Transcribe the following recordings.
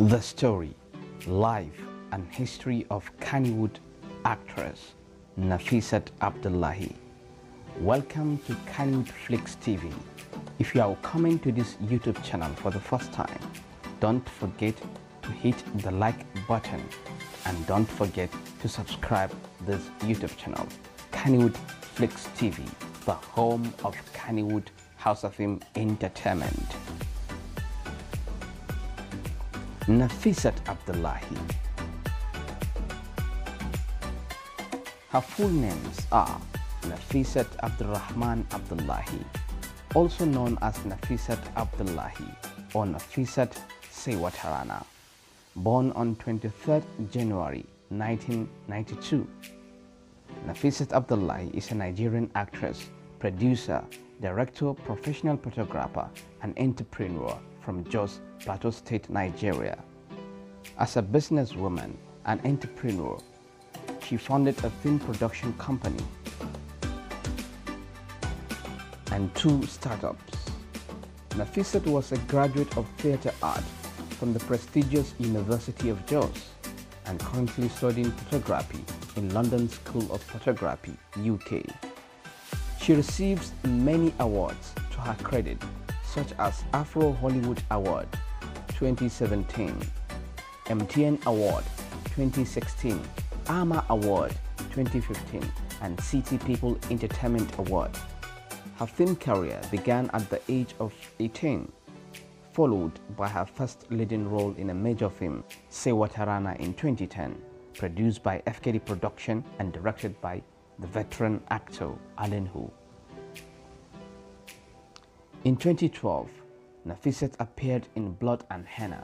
The story, life, and history of Kannywood actress Nafisat Abdullahi. Welcome to Kannywood Flicks TV. If you are coming to this YouTube channel for the first time, don't forget to hit the like button and don't forget to subscribe this YouTube channel, Kannywood Flicks TV, the home of Kannywood House of Fame Entertainment. Nafisat Abdullahi. Her full names are Nafisat Abdurrahman Abdullahi, also known as Nafisat Abdullahi or Nafisat Sewatarana, born on 23 January 1992. Nafisat Abdullahi is a Nigerian actress, producer, director, professional photographer, and entrepreneur from Jos, Plateau State, Nigeria. As a businesswoman and entrepreneur, she founded a film production company and two startups. Nafisat was a graduate of theatre art from the prestigious University of Jos and currently studying photography in London School of Photography, UK. She receives many awards to her credit such as Afro Hollywood Award 2017, MTN Award 2016, AMA Award 2015, and City People Entertainment Award. Her film career began at the age of 18, followed by her first leading role in a major film, Sewatarana in 2010, produced by FKD Production and directed by the veteran actor Alan Hu. In 2012, Nafiset appeared in Blood and Henna.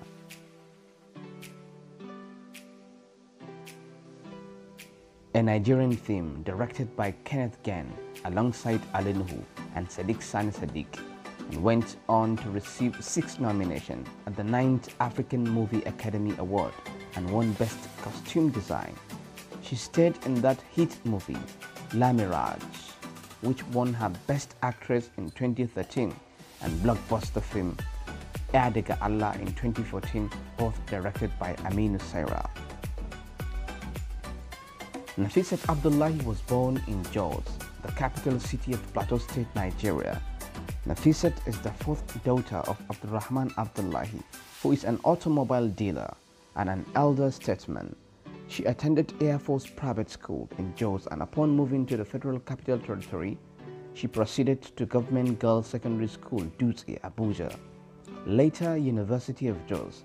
A Nigerian film directed by Kenneth Gann alongside Alinhu and Sadiq San Sadiq and went on to receive six nominations at the 9th African Movie Academy Award and won Best Costume Design. She starred in that hit movie, La Mirage, which won her Best Actress in 2013 and blockbuster film Erdega Allah in 2014, both directed by Aminu Saira. Nafisat Abdullahi was born in Jos, the capital city of Plateau State, Nigeria. Nafisat is the fourth daughter of Abdurrahman Abdullahi, who is an automobile dealer and an elder statesman. She attended Air Force Private School in Jos and upon moving to the Federal Capital Territory, she proceeded to Government Girls Secondary School, Dutsi, Abuja, later University of Jos.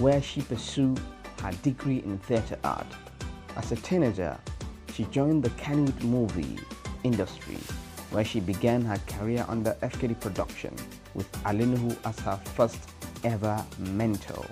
where she pursued her degree in theatre art. As a teenager, she joined the Kenwood movie industry where she began her career under FKD production with Alinuhu as her first ever mentor.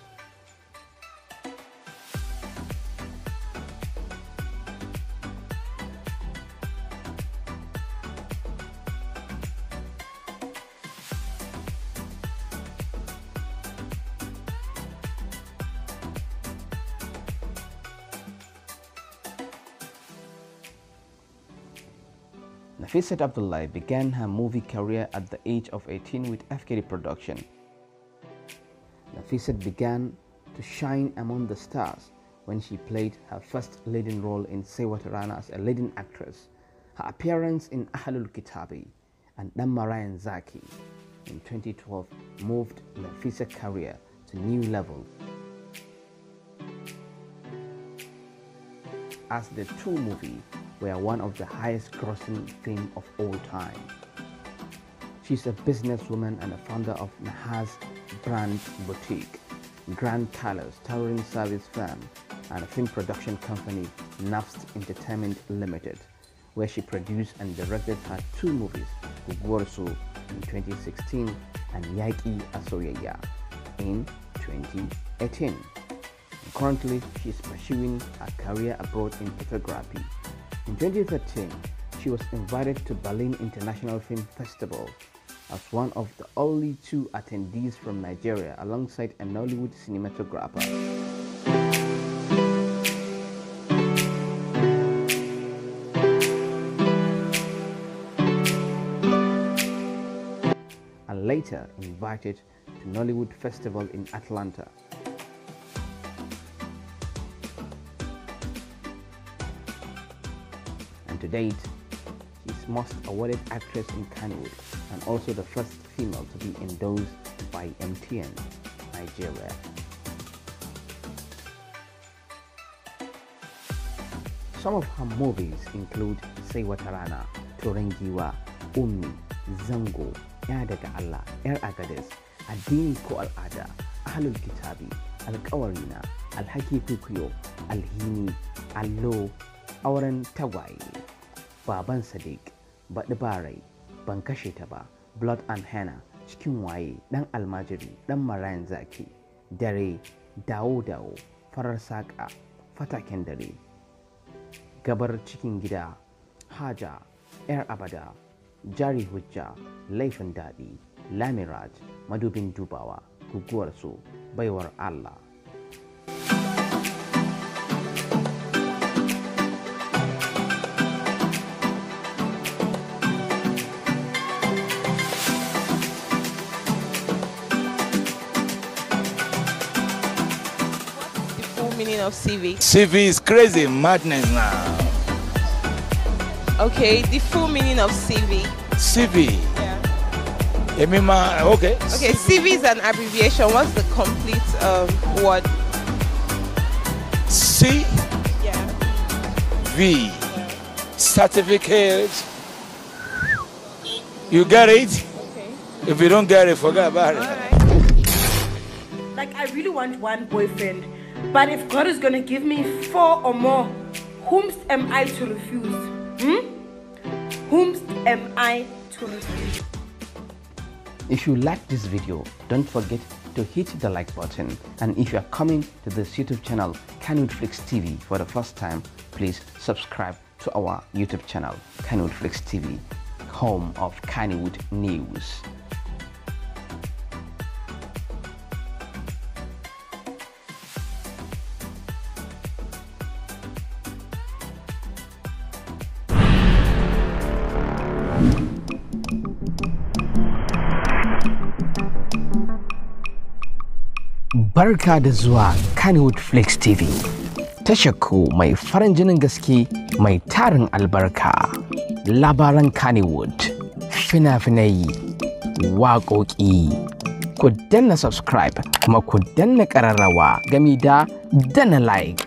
Nafisat Abdullahi began her movie career at the age of 18 with FKD production. Nafisat began to shine among the stars when she played her first leading role in Sewa as a leading actress, her appearance in Ahlul Kitabi and Namarayan Zaki in 2012 moved Nafisat's career to new levels. As the two movie were one of the highest grossing films of all time. She's a businesswoman and a founder of Nahas Brand Boutique, Grand Palace Towering Service Firm, and film production company Nafst Entertainment Limited, where she produced and directed her two movies, Gugorosu in 2016 and Yaiki Asoyaya in 2018. Currently, she is pursuing a career abroad in photography in 2013, she was invited to Berlin International Film Festival as one of the only two attendees from Nigeria alongside a Nollywood cinematographer. And later invited to Nollywood Festival in Atlanta to date, she's most awarded actress in Kannywood and also the first female to be endorsed by MTN Nigeria. Some of her movies include Say Watarana, Turengiwa, Umi, Zango, Ya daga Allah, Er Agades, Adini ko Ada, Ahlul Kitabi, Alƙawarina, Alhaki Kukuyo, Alhini, Allo, Auren Tawai. baban sadiq baɗi ba rai ban kashe ta ba blood and henna cikin waye ɗan almajiri ɗan marayan zaki dare dawo dawo farar saƙa fataken dare gabar cikin gida haja yar abada jari hujja laifin daɗi lamiraj madubin dubawa guguwar su baiwar allah of CV? CV is crazy madness now. Okay, the full meaning of CV. CV. Yeah. okay. Okay, CV is an abbreviation. What's the complete um, word? C. Yeah. V. Certificate. You get it? Okay. If you don't get it, forget about it. Right. Like, I really want one boyfriend but if God is going to give me four or more, whom am I to refuse? Hmm? Whom am I to refuse? If you like this video, don't forget to hit the like button. And if you are coming to this YouTube channel, Canutflix TV, for the first time, please subscribe to our YouTube channel, Canutflix TV, home of Cannywood News. barka da zuwa Kannywood flex TV. Tashakku mai farin jinin gaske mai tarin albarka. Labaran Kannywood, fina-finai, waƙoƙi. Ku danna subscribe kuma ku danna ƙararrawa gami da danna like